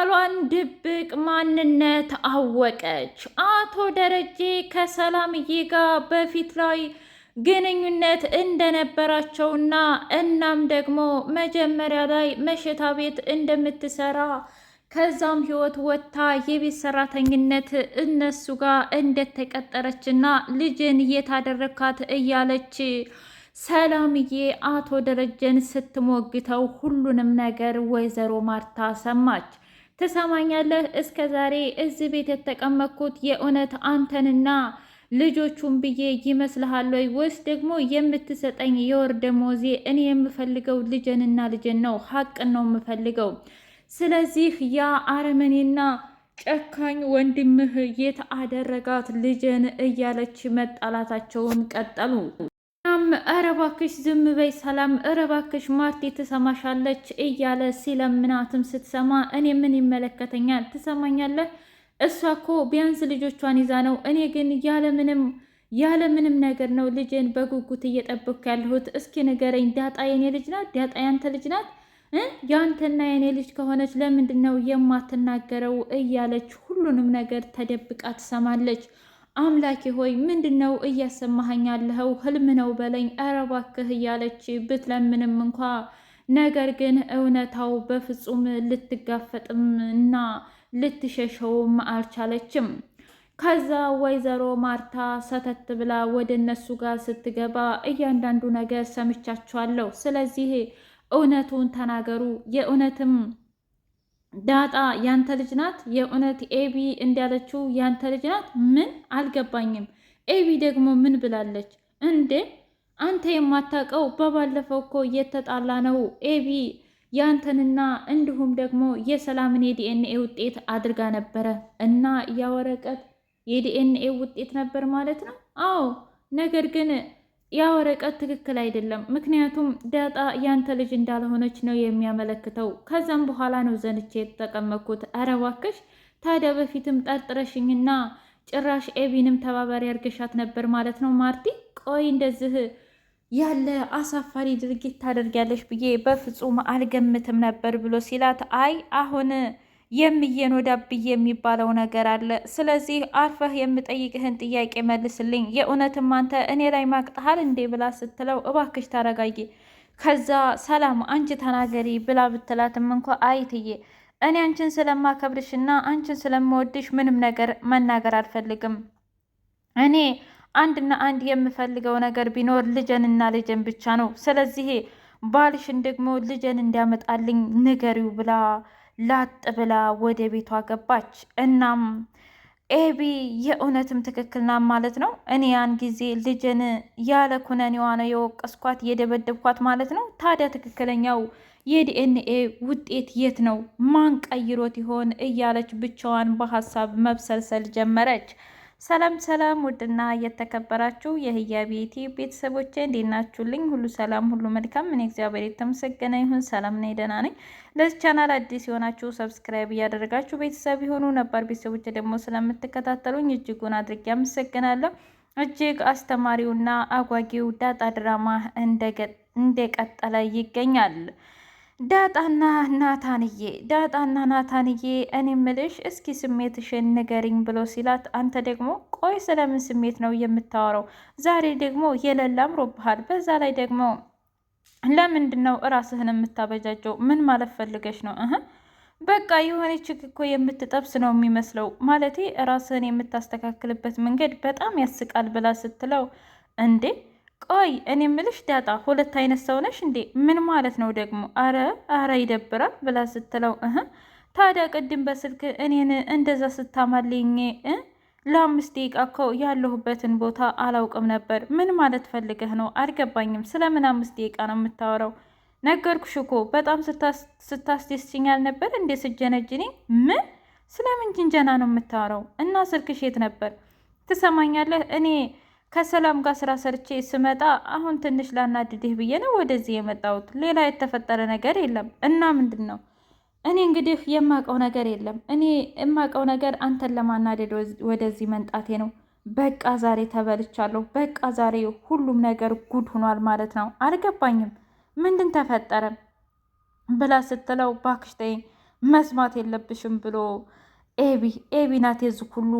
የባሏን ድብቅ ማንነት አወቀች። አቶ ደረጀ ከሰላምዬ ጋር በፊት ላይ ግንኙነት እንደነበራቸውና እናም ደግሞ መጀመሪያ ላይ መሸታ ቤት እንደምትሰራ ከዛም ህይወት ወጥታ የቤት ሰራተኝነት እነሱ ጋር እንደተቀጠረችና ልጅን የታደረካት እያለች ሰላምዬ አቶ ደረጀን ስትሞግተው ሁሉንም ነገር ወይዘሮ ማርታ ሰማች። ትሰማኛለህ? እስከ ዛሬ እዚህ ቤት የተቀመጥኩት የእውነት አንተንና ልጆቹን ብዬ ይመስልሃል ወይ? ወይስ ደግሞ የምትሰጠኝ የወር ደመወዜ እኔ የምፈልገው ልጄንና ልጀን ነው፣ ሀቅን ነው የምፈልገው። ስለዚህ ያ አረመኔና ጨካኝ ወንድምህ የት አደረጋት እያለች መጣላታቸውን ቀጠሉ። እረባክሽ ዝም በይ ሰላም፣ እረባክሽ ማርቲ ትሰማሻለች እያለ ሲለምናትም ስትሰማ እኔ ምን ይመለከተኛል ትሰማኛለህ? እሷ እኮ ቢያንስ ልጆቿን ይዛ ነው። እኔ ግን ያለምንም ያለምንም ነገር ነው ልጄን በጉጉት እየጠበኩ ያለሁት። እስኪ ንገረኝ፣ ዳጣ የኔ ልጅ ናት? ዳጣ ያንተ ልጅ ናት? ያንተና የኔ ልጅ ከሆነች ለምንድን ነው የማትናገረው? እያለች ሁሉንም ነገር ተደብቃ ትሰማለች። አምላኬ ሆይ ምንድን ነው እያሰማኸኝ ያለኸው? ህልም ነው በለኝ፣ ኧረ እባክህ እያለች ብትለምንም እንኳ ነገር ግን እውነታው በፍጹም ልትጋፈጥም እና ልትሸሸውም አልቻለችም። ከዛ ወይዘሮ ማርታ ሰተት ብላ ወደ እነሱ ጋር ስትገባ እያንዳንዱ ነገር ሰምቻችኋለሁ፣ ስለዚህ እውነቱን ተናገሩ የእውነትም ዳጣ ያንተ ልጅ ናት? የእውነት ኤቢ እንዳለችው ያንተ ልጅ ናት? ምን አልገባኝም። ኤቢ ደግሞ ምን ብላለች እንዴ? አንተ የማታውቀው በባለፈው እኮ እየተጣላ ነው ኤቢ ያንተንና እንዲሁም ደግሞ የሰላምን የዲኤንኤ ውጤት አድርጋ ነበረ እና ያ ወረቀት የዲኤንኤ ውጤት ነበር ማለት ነው። አዎ ነገር ግን ያ ወረቀት ትክክል አይደለም። ምክንያቱም ዳጣ ያንተ ልጅ እንዳልሆነች ነው የሚያመለክተው። ከዛም በኋላ ነው ዘንቼ የተጠቀመኩት። ኧረ እባክሽ ታዲያ በፊትም ጠርጥረሽኝና ጭራሽ ኤቢንም ተባባሪ አድርገሻት ነበር ማለት ነው ማርቲ። ቆይ እንደዚህ ያለ አሳፋሪ ድርጊት ታደርጊያለሽ ብዬ በፍጹም አልገምትም ነበር ብሎ ሲላት አይ አሁን የሚየኖዳ ብዬ የሚባለው ነገር አለ። ስለዚህ አርፈህ የምጠይቅህን ጥያቄ መልስልኝ። የእውነትም አንተ እኔ ላይ ማቅጠሃል እንዴ ብላ ስትለው እባክሽ ታረጋጊ፣ ከዛ ሰላም አንቺ ተናገሪ ብላ ብትላትም እንኳ አይትዬ እኔ አንቺን ስለማከብርሽና አንቺን ስለምወድሽ ምንም ነገር መናገር አልፈልግም። እኔ አንድና አንድ የምፈልገው ነገር ቢኖር ልጀንና ልጀን ብቻ ነው። ስለዚህ ባልሽን ደግሞ ልጀን እንዲያመጣልኝ ንገሪው ብላ ላጥ ብላ ወደ ቤቷ ገባች። እናም ኤቢ የእውነትም ትክክል ማለት ነው። እኔ ያን ጊዜ ልጅን ያለ ኩነኔዋ ነው የወቀስኳት የደበደብኳት ማለት ነው። ታዲያ ትክክለኛው የዲኤንኤ ውጤት የት ነው? ማን ቀይሮት ይሆን? እያለች ብቻዋን በሀሳብ መብሰልሰል ጀመረች። ሰላም ሰላም ውድና እየተከበራችሁ የህያ ቤቴ ቤተሰቦቼ እንዴት ናችሁልኝ? ሁሉ ሰላም፣ ሁሉ መልካም። እኔ እግዚአብሔር የተመሰገነ ይሁን ሰላም ነኝ፣ ደህና ነኝ። ለዚህ ቻናል አዲስ የሆናችሁ ሰብስክራይብ እያደረጋችሁ ቤተሰብ የሆኑ ነባር ቤተሰቦቼ ደግሞ ስለምትከታተሉኝ እጅጉን አድርጌ አመሰግናለሁ። እጅግ አስተማሪውና አጓጊው ዳጣ ድራማ እንደቀጠለ ይገኛል። ዳጣና ናታንዬ ዳጣና ናታንዬ እኔ ምልሽ እስኪ ስሜትሽን ንገሪኝ ብሎ ሲላት፣ አንተ ደግሞ ቆይ ስለምን ስሜት ነው የምታወረው? ዛሬ ደግሞ የሌለ አምሮብሃል። በዛ ላይ ደግሞ ለምንድን ነው እራስህን የምታበጃጀው? ምን ማለት ፈልገሽ ነው? በቃ የሆነች እኮ የምትጠብስ ነው የሚመስለው። ማለቴ እራስህን የምታስተካክልበት መንገድ በጣም ያስቃል ብላ ስትለው እንዴ ቆይ እኔ ምልሽ ዳጣ ሁለት አይነት ሰው ነሽ እንዴ? ምን ማለት ነው ደግሞ? አረ አረ ይደብራል ብላ ስትለው እህ ታዲያ ቅድም በስልክ እኔን እንደዛ ስታማልኝ ለአምስት ደቂቃ እኮ ያለሁበትን ቦታ አላውቅም ነበር። ምን ማለት ፈልገህ ነው? አልገባኝም። ስለምን አምስት ደቂቃ ነው የምታወራው? ነገርኩሽ እኮ በጣም ስታስደስችኝ ነበር እንዴ ስጀነጅኒ። ምን ስለምን ጅንጀና ነው የምታወራው? እና ስልክሽ የት ነበር? ትሰማኛለህ እኔ ከሰላም ጋር ስራ ሰርቼ ስመጣ አሁን ትንሽ ላናድድህ ብዬ ነው ወደዚህ የመጣሁት። ሌላ የተፈጠረ ነገር የለም። እና ምንድን ነው እኔ እንግዲህ የማውቀው ነገር የለም። እኔ የማውቀው ነገር አንተን ለማናደድ ወደዚህ መንጣቴ ነው። በቃ ዛሬ ተበልቻለሁ። በቃ ዛሬ ሁሉም ነገር ጉድ ሆኗል ማለት ነው። አልገባኝም፣ ምንድን ተፈጠረ ብላ ስትለው እባክሽ መስማት የለብሽም ብሎ ኤቢ ኤቢ ናት የዚህ ሁሉ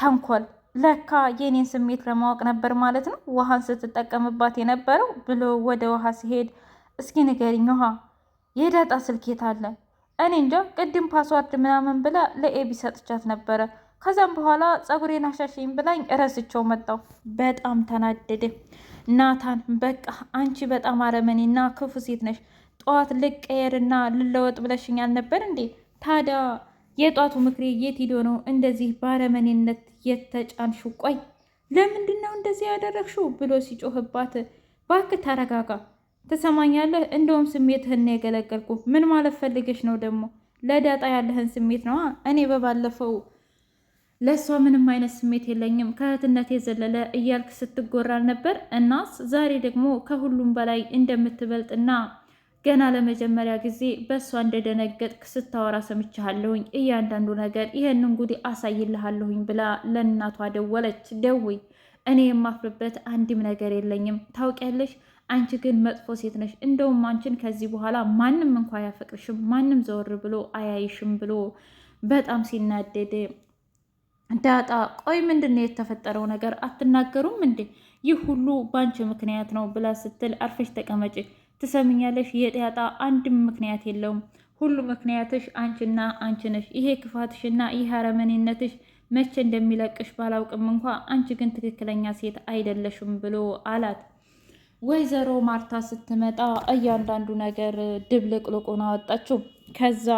ተንኮል ለካ የኔን ስሜት ለማወቅ ነበር ማለት ነው ውሃን ስትጠቀምባት የነበረው ብሎ ወደ ውሃ ሲሄድ፣ እስኪ ንገሪኝ ውሃ የዳጣ ስልኬት አለ? እኔ እንጃ ቅድም ፓስዋርድ ምናምን ብላ ለኤቢ ሰጥቻት ነበረ። ከዛም በኋላ ጸጉሬን አሻሽኝ ብላኝ እረስቸው መጣው። በጣም ተናደደ ናታን። በቃ አንቺ በጣም አረመኔና ክፉ ሴት ነሽ። ጠዋት ልቀየርና ልለወጥ ብለሽኛል ነበር እንዴ ታዲያ የጧቱ ምክሬ የት ሂዶ ነው እንደዚህ ባረመኔነት የተጫንሹ? ቆይ ለምንድን ነው እንደዚህ ያደረግሽው? ብሎ ሲጮህባት እባክህ ተረጋጋ፣ ትሰማኛለህ? እንደውም ስሜትህን ነው የገለገልኩ። ምን ማለት ፈልገሽ ነው ደግሞ? ለዳጣ ያለህን ስሜት ነዋ። እኔ በባለፈው ለእሷ ምንም አይነት ስሜት የለኝም ከእህትነት የዘለለ እያልክ ስትጎራል ነበር። እናስ ዛሬ ደግሞ ከሁሉም በላይ እንደምትበልጥና ገና ለመጀመሪያ ጊዜ በእሷ እንደደነገጥክ ስታወራ ሰምቻለሁኝ። እያንዳንዱ ነገር ይህንን ጉዲ አሳይልሃለሁኝ ብላ ለእናቷ ደወለች። ደውይ፣ እኔ የማፍርበት አንድም ነገር የለኝም። ታውቂያለሽ፣ አንቺ ግን መጥፎ ሴት ነሽ። እንደውም አንቺን ከዚህ በኋላ ማንም እንኳ አያፈቅርሽም፣ ማንም ዘወር ብሎ አያይሽም ብሎ በጣም ሲናደድ ዳጣ ቆይ ምንድን ነው የተፈጠረው ነገር? አትናገሩም እንዴ? ይህ ሁሉ በአንቺ ምክንያት ነው ብላ ስትል አርፈሽ ተቀመጭ ትሰምኛለሽ? የጥያጣ አንድም ምክንያት የለውም። ሁሉ ምክንያትሽ አንቺና አንቺ ነሽ። ይሄ ክፋትሽና ይህ አረመኔነትሽ መቼ እንደሚለቅሽ ባላውቅም እንኳ አንቺ ግን ትክክለኛ ሴት አይደለሽም ብሎ አላት። ወይዘሮ ማርታ ስትመጣ እያንዳንዱ ነገር ድብልቅልቁን አወጣችው። ከዛ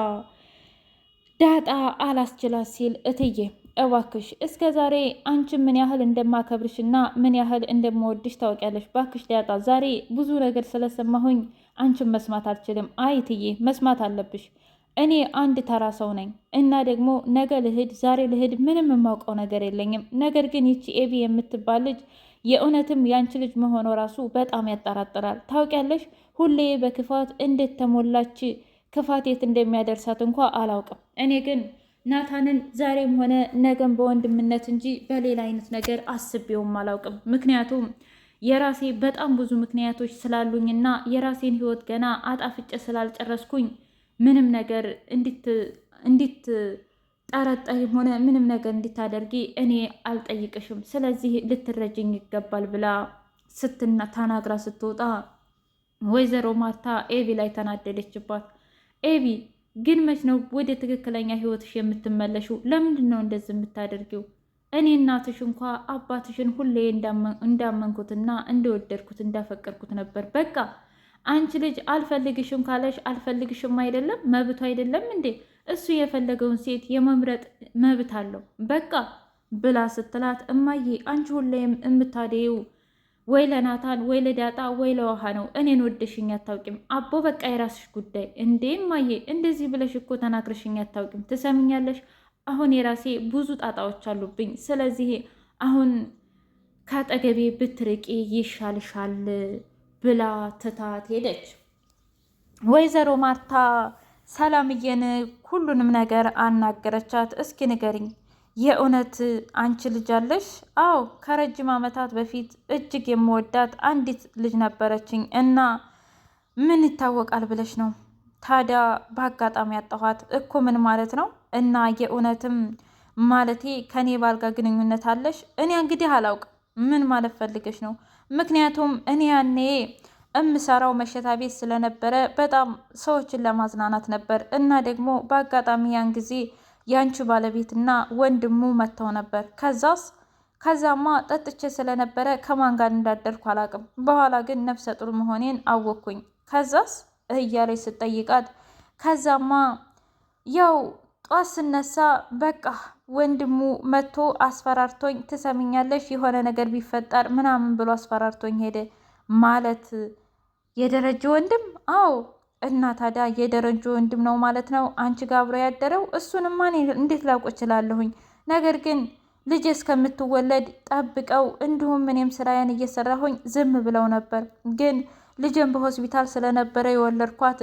ዳጣ አላስችላት ሲል እትዬ እባክሽ እስከ ዛሬ አንቺ ምን ያህል እንደማከብርሽ እና ምን ያህል እንደምወድሽ ታውቂያለሽ። ባክሽ ሊያጣ ዛሬ ብዙ ነገር ስለሰማሁኝ አንቺን መስማት አልችልም። አይትዬ መስማት አለብሽ። እኔ አንድ ተራ ሰው ነኝ እና ደግሞ ነገ ልሂድ፣ ዛሬ ልሂድ፣ ምንም የማውቀው ነገር የለኝም። ነገር ግን ይቺ ኤቢ የምትባል ልጅ የእውነትም ያንቺ ልጅ መሆኑ ራሱ በጣም ያጠራጥራል። ታውቂያለሽ፣ ሁሌ በክፋት እንዴት ተሞላች፣ ክፋት የት እንደሚያደርሳት እንኳ አላውቅም። እኔ ግን ናታንን ዛሬም ሆነ ነገም በወንድምነት እንጂ በሌላ አይነት ነገር አስቤውም አላውቅም። ምክንያቱም የራሴ በጣም ብዙ ምክንያቶች ስላሉኝና የራሴን ህይወት ገና አጣፍጨ ስላልጨረስኩኝ ምንም ነገር እንድትጠረጠሪም ሆነ ምንም ነገር እንድታደርጊ እኔ አልጠይቅሽም። ስለዚህ ልትረጅኝ ይገባል ብላ ስትና ተናግራ ስትወጣ ወይዘሮ ማርታ ኤቪ ላይ ተናደደችባት። ኤቪ ግን መች ነው ወደ ትክክለኛ ህይወትሽ የምትመለሽው? ለምንድን ነው እንደዚህ የምታደርጊው? እኔ እናትሽ እንኳ አባትሽን ሁሌ እንዳመንኩትና እንደወደድኩት እንዳፈቀርኩት ነበር። በቃ አንቺ ልጅ አልፈልግሽም ካለሽ አልፈልግሽም አይደለም መብቱ አይደለም እንዴ? እሱ የፈለገውን ሴት የመምረጥ መብት አለው። በቃ ብላ ስትላት እማዬ አንቺ ሁሌም የምታደየው ወይ ለናታን ወይ ለዳጣ ወይ ለውሃ ነው። እኔን ወደሽኝ አታውቂም አቦ በቃ የራስሽ ጉዳይ። እንዴ እማዬ እንደዚህ ብለሽ እኮ ተናግረሽኝ አታውቂም። ትሰምኛለሽ? አሁን የራሴ ብዙ ጣጣዎች አሉብኝ። ስለዚህ አሁን ከአጠገቤ ብትርቂ ይሻልሻል ብላ ትታት ሄደች። ወይዘሮ ማርታ ሰላምዬን ሁሉንም ነገር አናገረቻት። እስኪ ንገሪኝ የእውነት አንቺ ልጅ አለሽ? አዎ፣ ከረጅም ዓመታት በፊት እጅግ የምወዳት አንዲት ልጅ ነበረችኝ እና ምን ይታወቃል ብለሽ ነው? ታዲያ በአጋጣሚ ያጠኋት እኮ ምን ማለት ነው? እና የእውነትም ማለቴ ከኔ ባልጋ ግንኙነት አለሽ? እኔ እንግዲህ አላውቅ ምን ማለት ፈልገሽ ነው? ምክንያቱም እኔ ያኔ እምሰራው መሸታ ቤት ስለነበረ በጣም ሰዎችን ለማዝናናት ነበር እና ደግሞ በአጋጣሚ ያን ጊዜ የአንቺ ባለቤትና ወንድሙ መጥተው ነበር። ከዛስ? ከዛማ ጠጥቼ ስለነበረ ከማን ጋር እንዳደርኩ አላቅም። በኋላ ግን ነፍሰ ጡር መሆኔን አወቅኩኝ። ከዛስ? እያለች ስጠይቃት ከዛማ ያው ጧት ስነሳ በቃ ወንድሙ መጥቶ አስፈራርቶኝ፣ ትሰሚኛለሽ የሆነ ነገር ቢፈጠር ምናምን ብሎ አስፈራርቶኝ ሄደ። ማለት የደረጀ ወንድም? አዎ እና ታዲያ የደረጁ ወንድም ነው ማለት ነው አንቺ ጋር አብሮ ያደረው? እሱንማ እኔ እንዴት ላውቅ እችላለሁኝ? ነገር ግን ልጄ እስከምትወለድ ጠብቀው፣ እንዲሁም እኔም ስራዬን እየሰራሁኝ ዝም ብለው ነበር። ግን ልጄን በሆስፒታል ስለነበረ የወለድኳት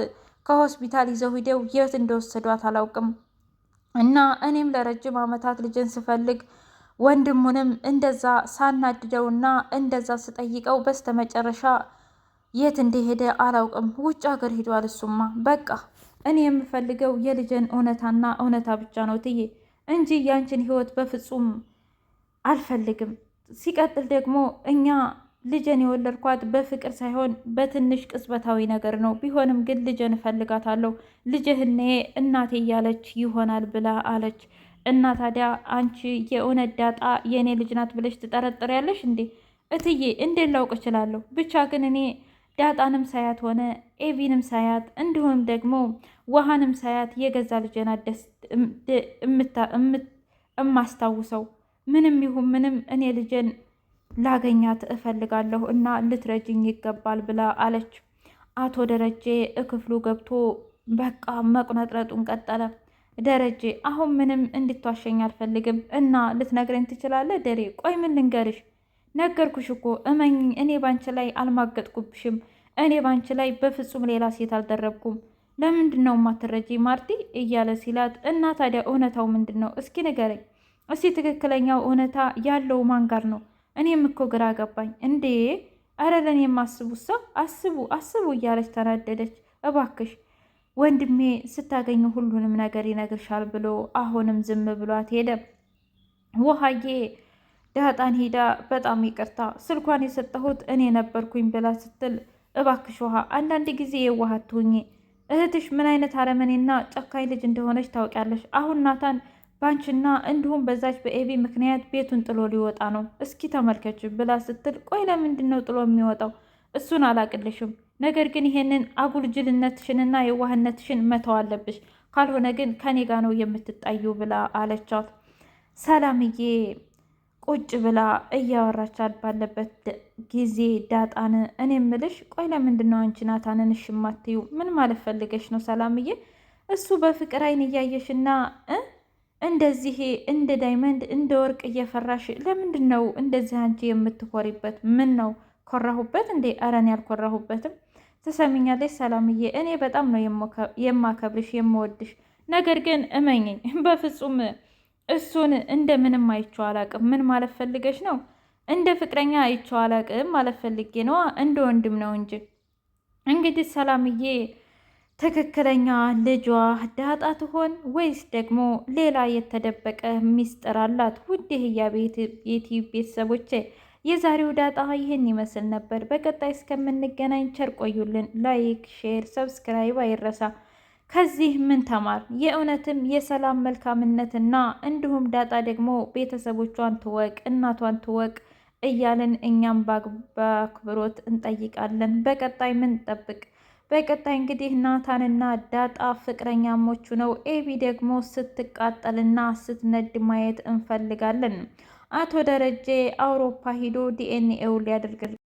ከሆስፒታል ይዘው ሂደው የት እንደወሰዷት አላውቅም። እና እኔም ለረጅም ዓመታት ልጅን ስፈልግ ወንድሙንም እንደዛ ሳናድደውና እንደዛ ስጠይቀው በስተመጨረሻ የት እንደሄደ አላውቅም። ውጭ ሀገር ሄዷል እሱማ በቃ እኔ የምፈልገው የልጅን እውነታና እውነታ ብቻ ነው ትዬ እንጂ ያንቺን ህይወት በፍጹም አልፈልግም። ሲቀጥል ደግሞ እኛ ልጀን የወለድኳት በፍቅር ሳይሆን በትንሽ ቅጽበታዊ ነገር ነው። ቢሆንም ግን ልጅን እፈልጋታለሁ። ልጅህኔ እናቴ እያለች ይሆናል ብላ አለች። እና ታዲያ አንቺ የእውነት ዳጣ የእኔ ልጅ ናት ብለሽ ትጠረጥሪያለሽ እንዴ? እትዬ እንዴ ላውቅ እችላለሁ? ብቻ ግን እኔ ዳጣንም ሳያት ሆነ ኤቪንም ሳያት እንዲሁም ደግሞ ውሃንም ሳያት የገዛ ልጄን ደስ እማስታውሰው ምንም ይሁን ምንም እኔ ልጄን ላገኛት እፈልጋለሁ እና ልትረጅኝ ይገባል ብላ አለች። አቶ ደረጀ እክፍሉ ገብቶ በቃ መቁነጥረጡን ቀጠለ። ደረጀ አሁን ምንም እንድትዋሸኝ አልፈልግም እና ልትነግረኝ ትችላለህ? ደሬ ቆይ ምን ልንገርሽ ነገርኩሽ እኮ እመኝ፣ እኔ ባንቺ ላይ አልማገጥኩብሽም። እኔ ባንቺ ላይ በፍጹም ሌላ ሴት አልደረብኩም። ለምንድን ነው ማትረጂ ማርቲ እያለ ሲላት፣ እና ታዲያ እውነታው ምንድን ነው? እስኪ ንገረኝ። እስኪ ትክክለኛው እውነታ ያለው ማን ጋር ነው? እኔም እኮ ግራ ገባኝ እንዴ! ኧረ ለእኔም አስቡ ሰው አስቡ አስቡ እያለች ተናደደች። እባክሽ ወንድሜ ስታገኙ ሁሉንም ነገር ይነግርሻል ብሎ አሁንም ዝም ብሏት ሄደ ውሃዬ ዳጣን ሄዳ በጣም ይቅርታ ስልኳን የሰጠሁት እኔ ነበርኩኝ ብላ ስትል፣ እባክሽ ውሃ አንዳንድ ጊዜ የዋሃት እህትሽ ምን አይነት አረመኔና ጨካኝ ልጅ እንደሆነች ታውቂያለሽ። አሁን ናታን ባንችና እንዲሁም በዛች በኤቢ ምክንያት ቤቱን ጥሎ ሊወጣ ነው። እስኪ ተመልከች ብላ ስትል፣ ቆይ ለምንድን ነው ጥሎ የሚወጣው? እሱን አላቅልሽም። ነገር ግን ይሄንን አጉልጅልነትሽንና የዋህነትሽን መተው አለብሽ። ካልሆነ ግን ከኔ ጋ ነው የምትጣዩ ብላ አለቻት ሰላምዬ ቁጭ ብላ እያወራች ባለበት ጊዜ ዳጣን እኔ ምልሽ፣ ቆይ ለምንድን ነው አንቺ ናታንን ሽማትዩ? የማትዩ? ምን ማለት ፈልገሽ ነው ሰላምዬ? እሱ በፍቅር አይን እያየሽና እንደዚህ እንደ ዳይመንድ እንደ ወርቅ እየፈራሽ ለምንድን ነው እንደዚህ አንቺ የምትኮሪበት? ምን ነው ኮራሁበት እንዴ? አረን ያልኮራሁበትም። ትሰሚኛለሽ ሰላምዬ፣ እኔ በጣም ነው የማከብርሽ የምወድሽ። ነገር ግን እመኝኝ በፍጹም እሱን እንደ ምንም አይቼው አላቅም። ምን ማለት ፈልገሽ ነው? እንደ ፍቅረኛ አይቼው አላቅም ማለት ፈልጌ ነዋ። እንደ ወንድም ነው እንጂ። እንግዲህ ሰላምዬ ትክክለኛ ልጇ ዳጣ ትሆን ወይስ ደግሞ ሌላ የተደበቀ ሚስጥር አላት? ውድ ህያ ቤትዩ ቤተሰቦቼ የዛሬው ዳጣ ይህን ይመስል ነበር። በቀጣይ እስከምንገናኝ ቸር ቆዩልን። ላይክ፣ ሼር፣ ሰብስክራይብ አይረሳ። ከዚህ ምን ተማር? የእውነትም የሰላም መልካምነትና እንዲሁም ዳጣ ደግሞ ቤተሰቦቿን ትወቅ፣ እናቷን ትወቅ እያልን እኛም በአክብሮት እንጠይቃለን። በቀጣይ ምን ጠብቅ? በቀጣይ እንግዲህ ናታንና ዳጣ ፍቅረኛሞቹ ነው። ኤቢ ደግሞ ስትቃጠልና ስትነድ ማየት እንፈልጋለን። አቶ ደረጀ አውሮፓ ሂዶ ዲኤንኤው ሊያደርግ